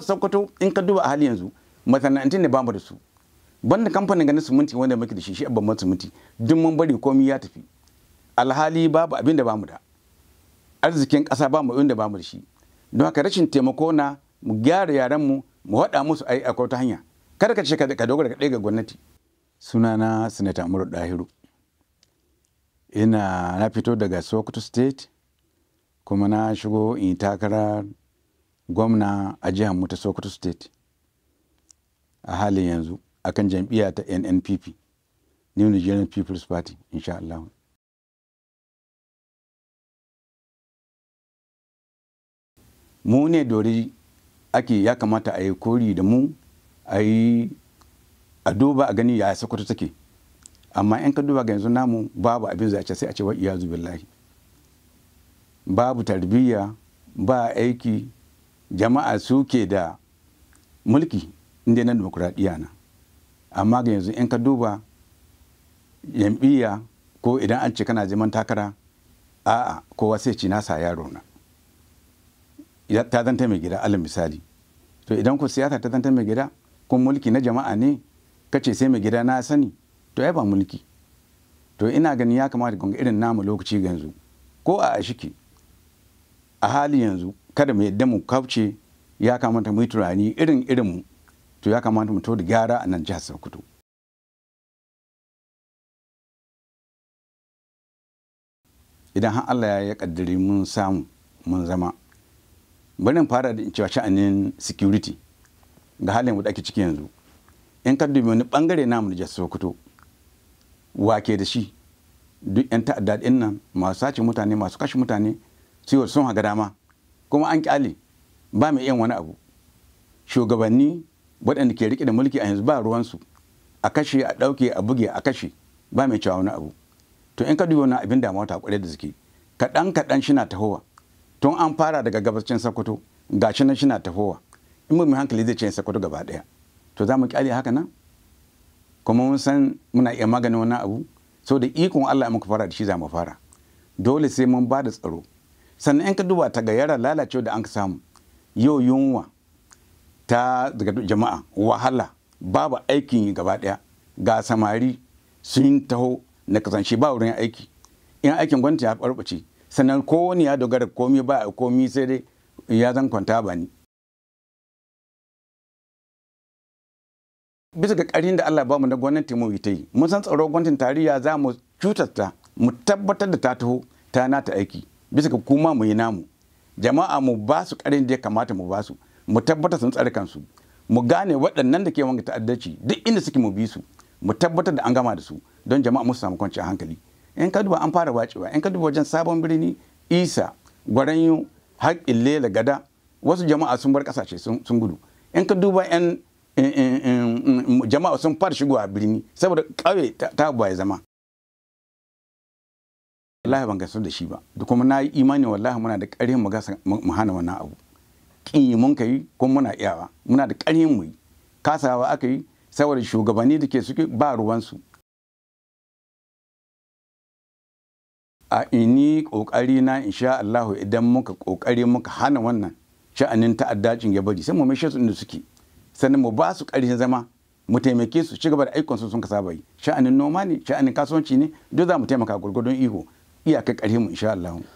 sokoto in ka duba a hali yanzu masana'antun ne bamu da su banda kamfanin ganin suminti wanda muke da shi shi abban suminti duk mun bari komai ya tafi alhali babu abin da bamu da arzikin ƙasa bamu abin da bamu da shi don haka rashin taimako na mu gyara yaran mu mu haɗa musu ai akwai ta hanya kada ka ce ka dogara ka ga gwamnati sunana sanata Amuru Dahiru ina na fito daga Sokoto state kuma na shigo in takarar. gwamna a jihar mu ta sokoto state a halin yanzu akan jam'iyya ta nnpp new nigerian people's party insha Allah. mu ne dori ake ya kamata a yi kori da mu a yi a duba a gani ya sokoto take amma in ka duba ga yanzu namu babu abin zace sai a ce wa iyazu billahi babu tarbiyya ba aiki jama'a suke da mulki inda na demokuraɗiyya na amma ga yanzu in ka duba yambiya ko idan an ce kana zaman takara a'a kowa sai ci nasa yaro na ta zanta mai gida alal misali to idan ku siyasa ta zanta mai gida kun mulki na jama'a ne kace sai mai gida na sani to ya ba mulki to ina ganin ya kamata ga irin namu lokaci ga yanzu ko a ashiki a hali yanzu kada mu yadda mu kauce ya kamata mu yi tunani irin irin mu to ya kamata mu to da gyara a nan jihar Sokoto idan har Allah ya kaddari mun samu mun zama bari fara da cewa sha'anin security ga halin da ake ciki yanzu in ka dubi wani bangare namu da jihar Sokoto wake da shi duk 'yan ta'adda nan masu sace mutane masu kashe mutane cewa sun haga dama kuma an kyale ba mai yin wani abu shugabanni waɗanda ke rike da mulki a yanzu ba ruwansu a kashe a ɗauke a buge a kashe ba mai cewa wani abu to in ka duba wani abin damuwa ta kwarai da suke kaɗan kaɗan shina tahowa tun an fara daga gabashin sokoto shi nan shina tahowa in mu hankali zai ce sokoto gaba ɗaya to za mu kyale haka nan kuma mun san muna iya maganin wani abu so da ikon Allah muka fara da shi za mu fara dole sai mun ba da tsaro sannan 'yan ka duba ta gayyara lalacewa da an ka samu yau yunwa ta daga jama'a wahala babu aikin yi gaba daya ga samari sun taho na kasance ba wurin aiki in aikin gwamnati ya barbace sannan kowani ya dogara komi ba komi sai dai ya zan kwanta ba ni bisa ga ƙarin da Allah ba mu na gwamnati mu yi mun san tsaro gwamnatin tarayya za mu cutar ta mu tabbatar da ta taho ta nata aiki bisa ga kuma mu yi namu jama'a mu ba su karin da ya kamata mu ba su mu tabbata sun tsare kansu mu gane waɗannan da ke wanga ta'addaci duk inda suke mu bi su mu tabbatar da an gama da su don jama'a musu samu kwanciyar hankali in ka duba an fara wacewa in ka duba wajen sabon birni isa gwaranyo haƙƙin lela gada wasu jama'a sun bar ƙasashe sun gudu in ka duba 'yan jama'a sun fara shigowa birni saboda ƙauye ta ya zama wallahi ban gasar da shi ba da kuma na yi imani wallahi muna da ƙarfin mu gasa mu hana wannan abu kin yi mun kai ko muna iyawa muna da ƙarfin mu kasawa aka yi saboda shugabanni da ke suke ba su a ini kokari na insha Allah idan muka kokari muka hana wannan sha'anin ta'addacin ya bari sai mu mai su inda suke sannan mu ba su ƙarfin zama mu taimake su ci gaba da aikonsu su sun ka saba yi sha'anin noma ne sha'anin kasuwanci ne duk za mu taimaka gurgurdun iho. اياك اليوم ان شاء الله